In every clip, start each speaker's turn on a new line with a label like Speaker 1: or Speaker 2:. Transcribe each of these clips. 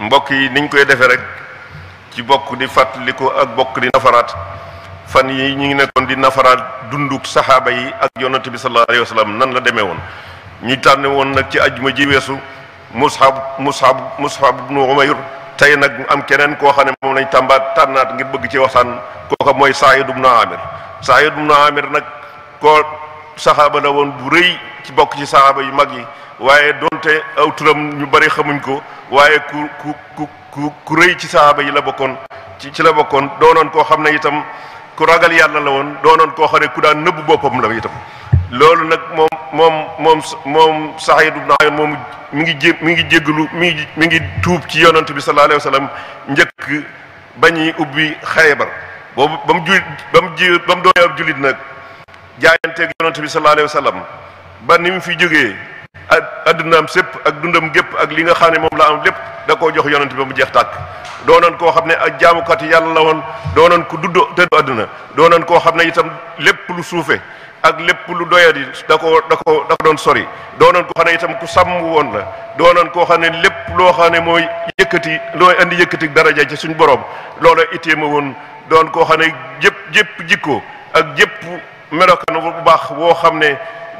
Speaker 1: mbokk yi niñ koy defee rek ci bokk di fàttaliku ak bokk di nafaraat fan yi ñu ngi nekkoon di nafaraat dunduk saxaaba yi ak yonante bi sallallahu alayhi wa sallam nan la demee woon ñu tànne woon nag ci ajuma ji weesu musxab musxab bu ibnu umayr tey nag am keneen koo xam ne moom lañ tàmbaat tànnaat ngir bëgg ci waxtaan kooka mooy saayid ibnu amir saayid ibnu amir nag koo saxaaba la woon bu rëy ci bokk ci saxaaba yu mag yi waaye donte aw turam ñu bari xamuñ ko waaye ku ku ku ku rëy ci saxaaba yi la bokkoon ci ci la bokkoon doonoon koo xam ne itam ku ragal yàlla la woon doonoon koo xam ne ku daan nëbb boppam la itam loolu nag moom moom moom moom Saïd ibn Ayyan moom mu ngi jé mi ngi jéggalu mi ngi mi ngi tuub ci yonent bi sallallahu alayhi wa sallam njëkk bañuy ubbi Xaybar boobu ba mu ju ba mu ji ba mu doonee ab jullit nag jaayanteeg yonent bi sallallahu alayhi wa sallam ba ni mu fi jógee addunaam sépp ak dundam gépp ak li nga xam ne moom la am lépp da koo jox yonent bi ba jeex tàkk doonoon koo xam ne ak jaamukat yi yàlla la woon doonoon ku dudd tëdd àdduna doonoon koo xam ne itam lépp lu suufe ak lépp lu doyadi da ko da ko da ko doon sori doonoon ko xam ne itam ku sàmm woon la doonoon koo xam ne lépp loo xam ne mooy yëkkati looy indi yëkkati daraja ci suñu borom loola itteema woon doon koo xam ne jëpp jëpp jikko ak jëpp melokaan bu baax woo xam ne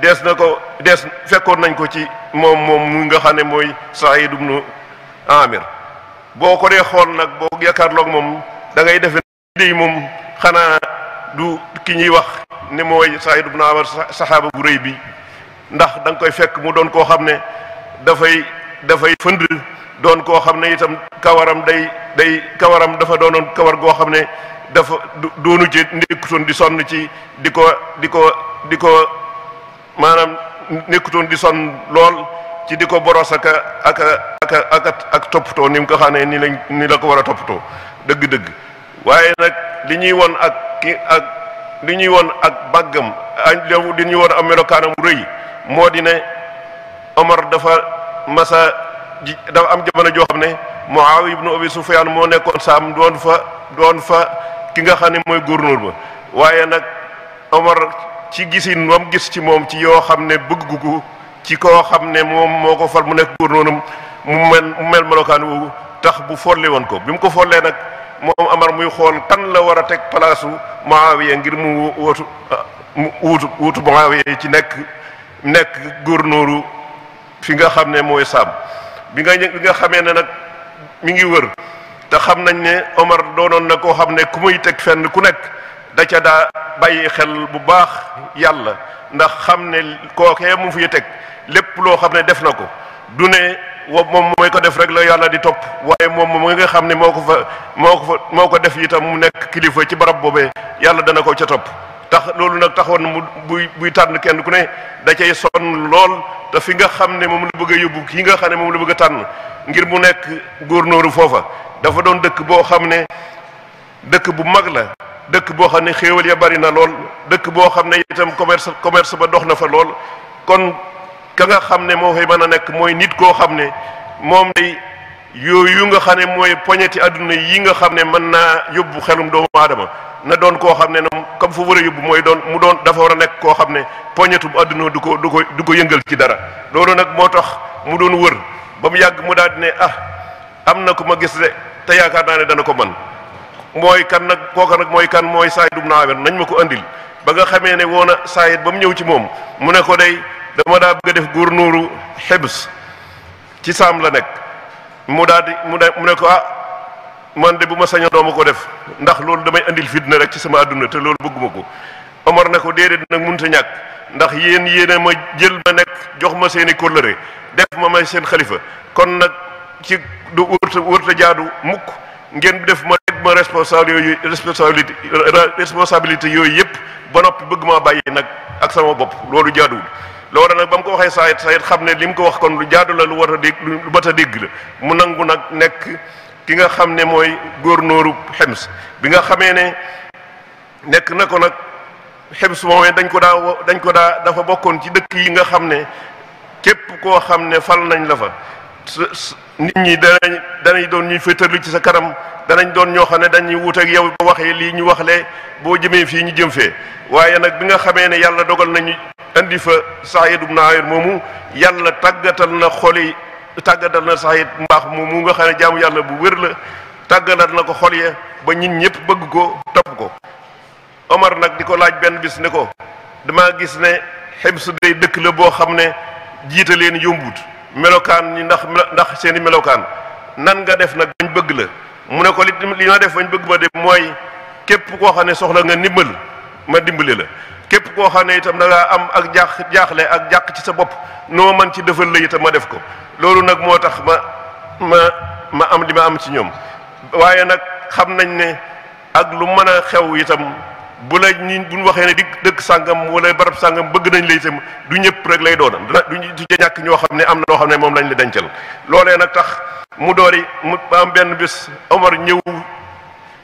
Speaker 1: dees na ko dees fekkoon nañ ko ci moom moom mu nga xam ne mooy Saïd ibnu Amir boo ko dee xool nag boo yaakaarloog moom da ngay defe dey moom xanaa du ki ñuy wax ne mooy Saïd ibnu Amir saxaaba bu rëy bi ndax danga koy fekk mu doon koo xam ne dafay dafay fënd doon koo xam ne itam kawaram day day kawaram dafa doonoon kawar goo xam ne dafa doonu ci nekkutoon di sonn ci di ko di ko di ko maanaam nekkutoon di sonn lool ci di ko boros ak ak ak toppatoo ni mu ko xam ne ni lañ la ko war a toppatoo dëgg-dëgg waaye nag li ñuy won ak ki ak li ñuy won ak bàggam li ñuy won am melokaanam rëy moo di ne Omar dafa masa ji dafa am jamono joo xam ne Muawiya ibnu Abi Sufyaan moo nekkoon saam doon fa doon fa ki nga xam ne mooy gouverneur ba waaye nag Omar ci gisin wam gis ci moom ci yoo xam ne bëgg ko ci koo xam ne moom moo ko fal mu nekk gouverneuram mu mel mu mel melokaan woowu tax bu folli woon ko bi mu ko follee nag moom Amar muy xool kan la war a teg palaasu Muawiya ngir mu wootu ah, mu wuutu wuutu Muawiya ci nekk nekk gouverneur fi nga xam ne mooy Saam bi nga bi nga xamee ne nag mu ngi wër te xam nañ ne Omar doonoon na koo xam ne ku muy teg fenn ku nekk da ca daa bàyyi xel bu baax yàlla ndax xam ne kookee mu fi yu teg lépp loo xam ne def na ko du ne moom mooy ko def rek la yàlla di topp waaye moom moom nga xam ne moo ko fa moo ko fa moo ko def itam mu nekk kilifa ci barab boobe yàlla dana ko ca topp tax loolu nag taxoon mu buy buy tànn kenn ku ne da cay sonn lool te fi nga xam ne moom la bëgg a yóbbu kii nga xam ne moom la bëgg a tànn ngir mu nekk góor góornóoru foofa dafa doon dëkk boo xam ne dëkk bu mag la dëkk boo xam ne xéewal ya bari na lool dëkk boo xam ne itam commerce commerce ba dox na fa lool kon ka nga xam ne moo fay mën a nekk mooy nit koo xam ne moom day yooyu nga xam ne mooy poñeti àdduna yi nga xam ne mën naa yóbbu xelum doomu aadama na doon koo xam ne noom comme fu war mooy doon mu doon dafa a nekk koo xam ne poñetum àdduna du ko du ko yëngal ci dara loolu nag moo tax mu doon wër ba mu yàgg mu daal di ne ah am na ku ma gis de te yaakaar naa ne dana ko man mooy kan nag kooka nag mooy kan mooy Saïd ibn Amir nañ ma ko andil ba nga xamee ne woon a Saïd ba mu ñëw ci moom mu ne ko day dama daa bëgg a def gouverneur Hibs ci saam la nekk mu daal di mu ne mu ne ko ah man de bu ma sañoon doo ma ko def ndax loolu damay andil fitna rek ci sama àdduna te loolu bëgguma ko Omar ne ko déedéet nag mënut a ñàkk ndax yéen yéen ma jël ma nekk jox ma seeni i kóllëre def ma may seen xalifa kon nag. ci du wërta wërta jaadu mukk ngeen def def ma responsable yooyu responsabilité yooyu yëpp ba noppi bëgg maa bàyyi nag ak sama bopp loolu jaaduwul loola nag ba mu ko waxee saayit saayit xam ne li mu ko wax kon lu jaadu la lu war a dégg lu bat a dégg mu nangu nag nekk ki nga xam ne mooy góor nóoru xems bi nga xamee ne nekk na ko nag xems moomee dañ ko daa dañ ko daa dafa bokkoon ci dëkk yi nga xam ne képp koo xam ne fal nañ la fa nit ñi danañ danañ doon ñuy féetarlu ci sa kanam danañ doon ñoo xam ne dañuy wut ak yow ba waxee lii ñu waxlee boo jëmee fii ñu jëm fee waaye nag bi nga xamee ne yàlla dogal nañu indi fa sax ibn Amir moomu yàlla tàggatal na xol yi tàggatal na Saïd mbaax moomu nga xam ne jaamu yàlla bu wër la tàggatal na ko xol ya ba ñun ñëpp bëgg ko topp ko Omar nag di ko laaj benn bis ne ko dama gis ne Hibs day dëkk la boo xam ne jiite leen yombut melokaan ñi ndax ndax seen i melokaan nan nga def nag bañ bëgg la mu ne ko li li ma def bañ bëgg ma de mooy képp koo xam ne soxla nga ndimbal ma dimbali la képp koo xam ne itam da ngaa am ak jàq jaaxle ak jàq ci sa bopp noo man ci defal la itam ma def ko loolu nag moo tax ma ma ma am li ma am ci ñoom waaye nag xam nañ ne ak lu mën a xew itam bu la ñi bu ñu waxee ne di dëkk sàngam wala barab sàngam bëgg nañ lay itam du ñëpp rek lay doon du ca ñàkk ñoo xam ne am na loo xam ne moom lañ la dencal loolee nag tax mu doori mu am benn bés Omar ñëw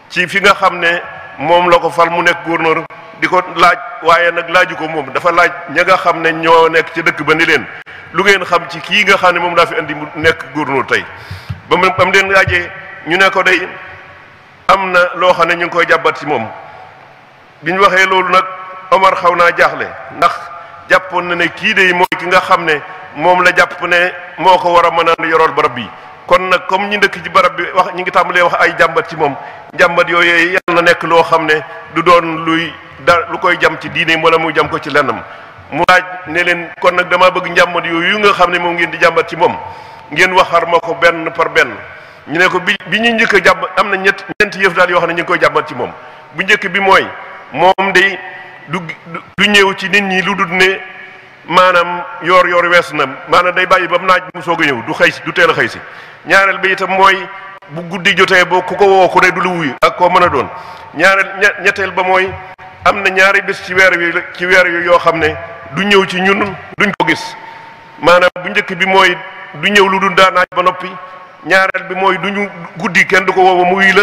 Speaker 1: ci fi nga xam ne moom la ko fal mu nekk gouverneur di ko laaj waaye nag laaju ko moom dafa laaj ña nga xam ne ñoo nekk ci dëkk ba ni leen lu ngeen xam ci kii nga xam ne moom laa fi indi mu nekk gouverneur tey ba mu leen laajee ñu ne ko day am na loo xam ne ñu ngi koy jàbbat ci moom bi ñu waxee loolu nag Omar xaw naa jaaxle ndax jàppoon na ne kii de mooy ki nga xam ne moom la jàpp ne moo ko war a mën a yorool barab bi kon nag comme ñi ndëkk ci barab bi wax ñi ngi tàmbalee wax ay jàmbat ci moom jàmbat yooyu yàlla na nekk loo xam ne du doon luy da lu koy jam ci diine wala muy jam ko ci lennam mu laaj ne leen kon nag dama bëgg njàmbat yooyu nga xam ne moom ngeen di jàmbat ci moom ngeen waxar ma ko benn par benn ñu ne ko bi bi ñuy njëkk a jàmb am na ñett ñeenti yëf daal yoo xam ne ñu ngi koy jàmbat ci moom bu njëkk bi mooy moom day du du ñëw ci nit ñi lu dul ne maanaam yoor yor wees na maanaam day bàyyi ba mu naaj mu soog a ñëw du xëy si du teel a xëy si ñaareel bi itam mooy bu guddi jotee boo ku ko woo ku ne du lu wuyu ak koo mën a doon ñaareel ñetteel ba mooy am na ñaari bés ci weer wi ci weer yu yoo xam ne du ñëw ci ñun duñ ko gis maanaam bu njëkk bi mooy du ñëw lu dul daanaaj ba noppi ñaareel bi mooy duñu guddi kenn du ko woo mu wuyu la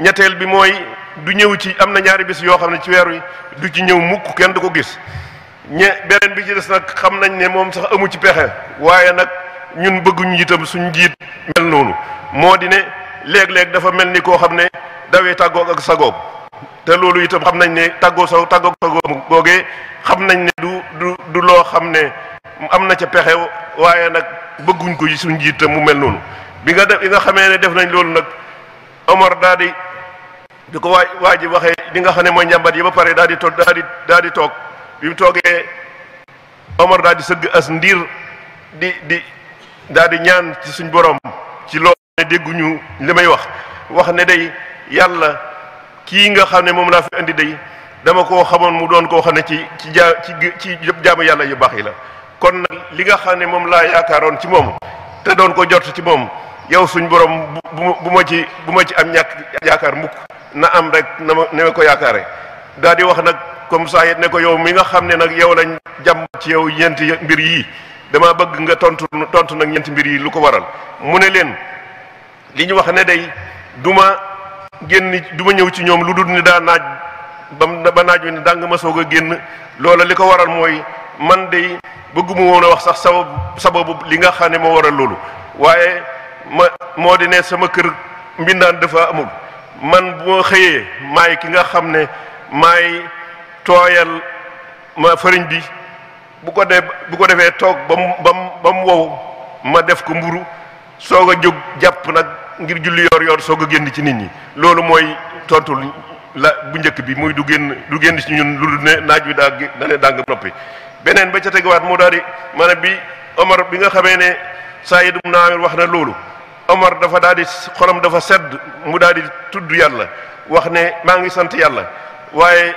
Speaker 1: ñetteel bi mooy du ñëw ci am na ñaari bis yoo xam ne ci weer wi du ci ñëw mukk kenn du ko gis ñe beneen bi ci des nag xam nañ ne moom sax amu ci pexe waaye nag ñun bëgguñu itam suñ jiit mel noonu moo di ne léeg-léeg dafa mel ni koo xam ne dawee tàggoog ak sagoog te loolu itam xam nañ ne tàggoo sa tàggoog sagoog googee xam nañ ne du du du loo xam ne am na ca pexe waaye nag bëgguñ ko ci suñ jiit mu mel noonu bi nga def bi nga xamee ne def nañ loolu nag Omar daal di bi ko waaj waa ji waxee li nga xam ne mooy njàmbat yi ba pare daal di toog daal di toog bi mu daal di sëgg as ndiir di di daal di ñaan ci suñ borom ci loo ne li may wax wax ne day yàlla kii nga xam ne moom laa fi indi day dama koo xamoon mu doon koo ne ci ci jaa ci ci yëpp jaamu yàlla yu baax yi la kon li nga xam moom laa yaakaaroon ci moom te doon ko jot ci moom yow suñ borom bu bu ma ci bu ma ci am ñàkk yaakaar mukk na am rek na ma ni ma ko yaakaare daal di wax nag comme ça ne ko yow mi nga xam ne nag yow lañ jàmm ci yow ñeenti mbir yii dama bëgg nga tontu tontu nag ñeenti mbir yi lu ko waral mu ne leen li ñu wax ne day du ma génn du ma ñëw ci ñoom lu dul ni daa naaj ba ba naaj wi ne dàng ma soog a génn loola li ko waral mooy man dey bëgguma woon a wax sax sababu sababu li nga xam ne moo waral loolu waaye ma moo di ne sama kër mbindaan dafa amul man bu ma xëyee may ki nga xam ne maay tooyal ma fariñ bi bu ko def bu ko defee toog ba mu ba mu wow ma def ko mburu soog a jóg jàpp nag ngir julli yor yor soog a génn ci nit ñi loolu mooy tontu la bu njëkk bi muy du génn du génn ci ñun lu ne naaj wi daa da ne dàng noppi beneen ba ca teguwaat moo daal di maanaam bi Omar bi nga xamee ne Saïd ibn Amir wax na loolu Omar dafa daal di xolam dafa sedd mu daal di tudd yàlla wax ne maa ngi sant yàlla waaye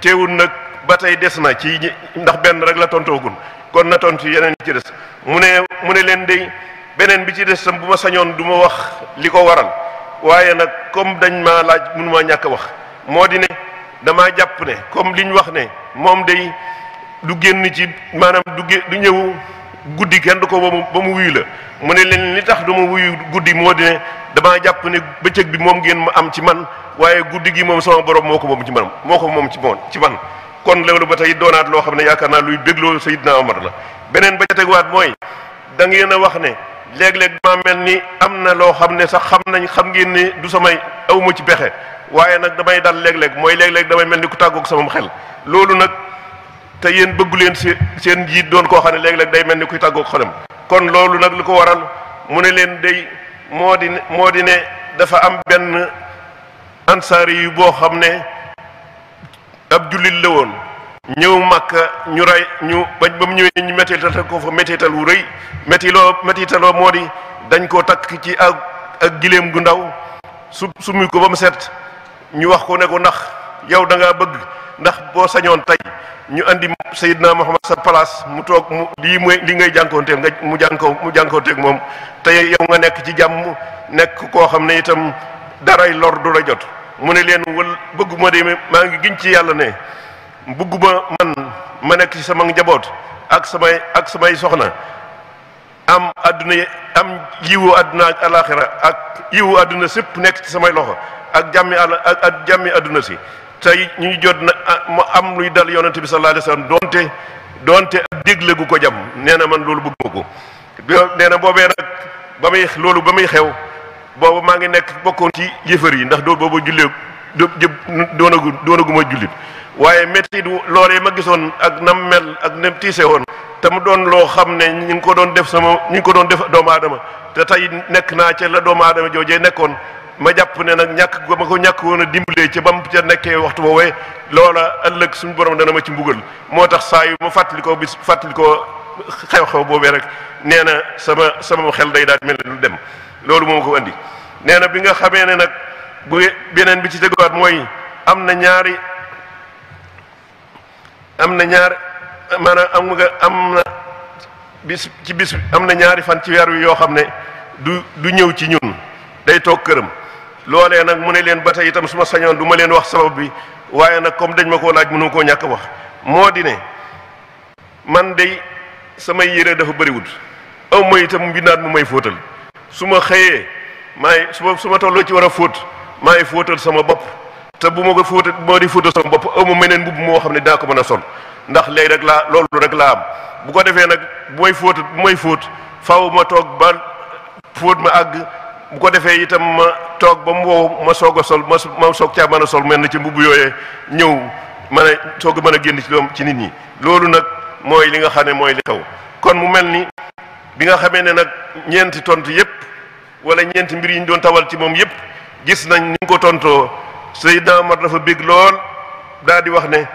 Speaker 1: teewul nag ba tey des na ci ndax benn rek la tontoogul kon na tontu yeneen ci des mu ne mu ne leen de beneen bi ci des sam bu ma sañoon du ma wax li ko waral waaye nag comme dañ ma laaj mënu maa ñàkk wax moo di ne damaa jàpp ne comme liñ wax ne moom day du génn ci maanaam du du ñëw. guddi kenn ko ba mu ba mu wuyu la mu ne leen li tax du ma wuyu guddi moo di ne damaa jàpp ne bëccëg bi moom ngeen ma am ci man waaye guddi gi moom sama borom moo ko moom ci man moo ko moom ci moom ci man kon loolu ba tey doonaat loo xam ne yaakaar naa luy bégloo Seydina Omar la beneen ba ca teguwaat mooy da ngeen a wax ne léeg-léeg dama mel ni am na loo xam ne sax xam nañ xam ngeen ne du samay awma ci pexe waaye nag damay dal léeg-léeg mooy léeg-léeg damay mel ni ku tàggook sama xel loolu nag te yéen bëggu leen seen seen njiit doon koo xam ne léeg-léeg day mel ni kuy tàggoog xolam. kon loolu nag lu ko waral mu ne leen day moo di moo di ne dafa am benn ansaari yu boo xam ne ab jullit la woon. ñëw Makka ñu rey ñu bañ ba mu ñëwee ñu mettital ko fa mettital wu rëy mettiloo mettitaloo moo di dañ koo takk ci ak ak gileem gu ndaw su sumi ko ba mu set ñu wax ko ne ko ndax yow da bëgg ndax boo sañoon tey ñu andi Seydina Muhammad sa place mu toog mu lii mooy li ngay jànkoonteeg nga mu jànkoo mu jànkoonteeg moom te yow nga nekk ci jàmm nekk koo xam ne itam daray lor du la jot mu ne leen wal bëgguma de maa ngi giñ ci yàlla ne bëgguma man ma nekk ci sama njaboot ak samay ak samay soxna am àdduna am yiwu àdduna ak alaxira ak yiwu àdduna sépp nekk ci samay loxo ak jàmmi àll ak jàmmi àdduna si tey ñu jot na ah, mu am luy dal yonent bi sallallahu alayhi wasallam donte donte ak dégle gu ko jam nee na man loolu bëgguma ko nee na boobee nag ba muy loolu ba muy xew boobu maa ngi nekk bokkoon ci yëfër yi ndax doo boobu jullee jë doonagu doonaguma jullit waaye métti du loolee ma gisoon ak nam mel ak nem tiise woon te mu doon loo xam ne ñu ngi ko doon def sama ñu ngi ko doon def doomu aadama te tey nekk naa ca la doomu aadama joojee nekkoon ma jàpp ne nag ñàkk a ko ñàkk woon a dimbalee ca ba mu ca nekkee waxtu woowee loola ëllëg suñu borom dana ma ci mbugal moo tax saa yu ma fàttali ko bis fàttali ko xew-xew boobee rek nee na sama sama xel day daal mel ne dem loolu moo ko andi nee na bi nga xamee ne nag bu beneen bi ci teguwaat mooy am na ñaari am na ñaar man am am na bis ci bis am na ñaari fan ci weer wi yoo xam ne du du ñëw ci ñun day toog këram loolee nag mu ne leen ba tey itam su ma sañoon duma leen wax sabab bi waaye nag comme dañ ma koo laaj mënu koo ñàkk wax moo di ne man dey samay yére dafa bëriwul aw ma itam mbindaat mu may fóotal su ma xëyee maay su ma su ma tolloo ci war a fóot maay fóotal sama bopp te bu ma ko fóotal bu di fóotal bopp aw ma meneen mbubb moo xam ne daa ko mën a sol ndax léegi rek laa loolu rek laa am bu ko defee nag bu may fóotal bu may fóot faw ma toog ba fóot ma àgg bu ko defee itam ma toog ba mu wow ma soog a sol ma ma soog caa mën a sol mel na ci mbubb yooyee ñëw mën a soog a mën a génn ci doom ci nit ñi loolu nag mooy li nga xam ne mooy li xew kon mu mel ni bi nga xamee ne nag ñeenti tontu yépp wala ñeenti mbir yi ñu doon tawal ci moom yépp gis nañ ni ko tontoo Seydina Omar dafa bég lool daal di wax ne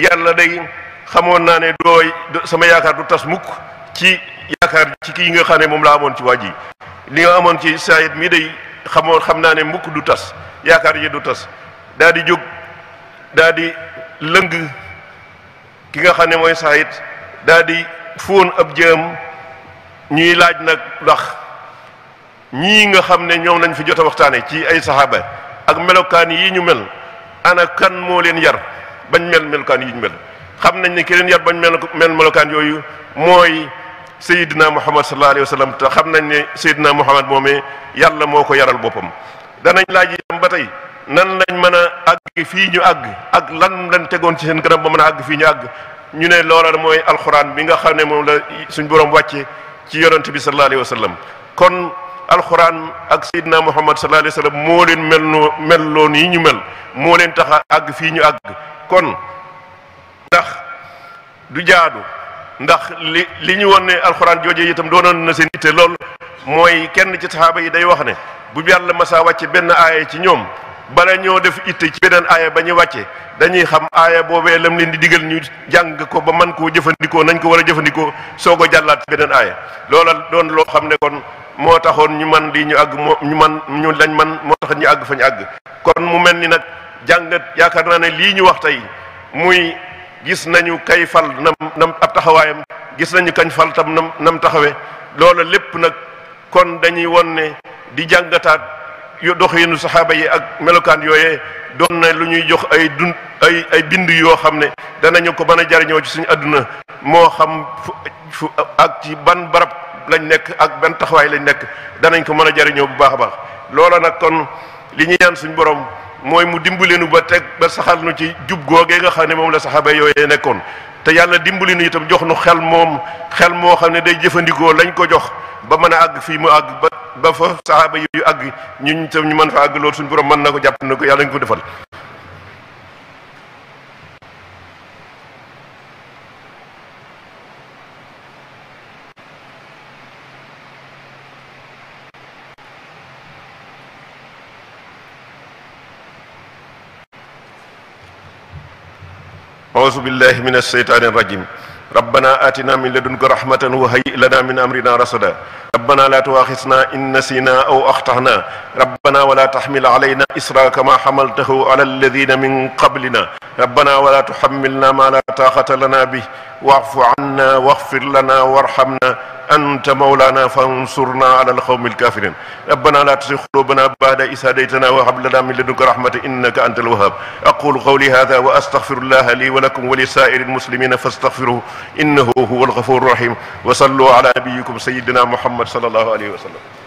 Speaker 1: yàlla day xamoon naa ne dooy sama yaakaar du tas mukk ci yaakaar ci kii nga xam ne moom laa amoon ci waa ji li nga amoon ci saayit mii day xamoon xam naa ne mukk du tas yaakaar yi du tas daa di jóg daa di lëng ki nga xam ne mooy saayit daa di fóon ab jëm ñuy laaj nag ndax ñii nga xam ne ñoom lañ fi jot a waxtaane ci ay saxaaba ak melokaan yi ñu mel ana kan moo leen yar bañ mel melokaan yi ñu mel xam nañ ne keneen yar bañ mel mel melokaan yooyu mooy sayidina muhammad sallallahu alayhi wa sallam te xam nañ ne sayidina muhammad moome yàlla moo ko yaral boppam danañ laaj itam ba tey nan lañ mën a àgg fii ñu àgg ak lan lañ tegoon ci seen kanam ba mën a àgg fii ñu àgg ñu ne loola mooy alxuraan bi nga xam ne moom la suñ borom wàcce ci yonent bi sallallahu alayhi wa sallam kon alxuraan ak sayidina muhammad sallallahu alayhi wa sallam moo leen mel noo mel loon yi ñu mel moo leen tax àgg fii ñu àgg kon ndax du jaadu ndax li li ñu woon ne alxuraan jooje itam doonoon na seen itte lool mooy kenn ci saxaaba yi day wax ne bu ma saa wàcce benn aaya ci ñoom bala ñoo def itte ci beneen aaya ba ñu wàcce dañuy xam aaya boobee lam leen di digal ñu jàng ko ba man koo jëfandikoo nañ ko war a jëfandikoo soo ko jàllaat ci beneen aaya loola doon loo xam ne kon moo taxoon ñu man lii ñu àgg moo ñu man ñu lañ man moo tax ñu àgg fa ñu àgg kon mu mel ni nag jàngat yaakaar naa ne lii ñu wax tey muy gis nañu kay fal nam nam ab taxawaayam gis nañu kañ fal tam nam nam taxawe loola lépp nag kon dañuy won ne di jàngataat yu doxinu saxaaba yi ak melokaan yooye doon na lu ñuy jox ay dund ay ay bind yoo xam ne danañu ko mën a jariñoo ci suñu àdduna moo xam fu ak ci ban barab lañ nekk ak ban taxawaay lañ nekk danañ ko mën a jariñoo bu baax a baax loola nag kon li ñu ñaan suñu borom mooy mu dimbali ba teg ba saxal nu ci jub googee nga xam ne moom la saxaaba yooyee nekkoon te yàlla dimbali itam jox nu xel moom xel moo xam ne day jëfandikoo lañ ko jox ba mën a àgg fii mu àgg ba ba fa saxaaba yu àgg ñun itam ñu mën fa àgg loolu suñu borom mën na ko jàpp na ko yàlla ñu ko defal أعوذ بالله من الشيطان الرجيم ربنا آتنا من لدنك رحمة وهيئ لنا من أمرنا رشدا ربنا لا تؤاخذنا إن نسينا أو أخطأنا ربنا ولا تحمل علينا إسرا كما حملته على الذين من قبلنا ربنا ولا تحملنا ما لا طاقة لنا به واعف عنا واغفر لنا وارحمنا أنت مولانا فانصرنا على القوم الكافرين ربنا لا تزغ قلوبنا بعد إذ هديتنا وهب لنا من لدنك رحمة إنك أنت الوهاب أقول قولي هذا وأستغفر الله لي ولكم ولسائر المسلمين فاستغفروه إنه هو الغفور الرحيم وصلوا على نبيكم سيدنا محمد صلى الله عليه وسلم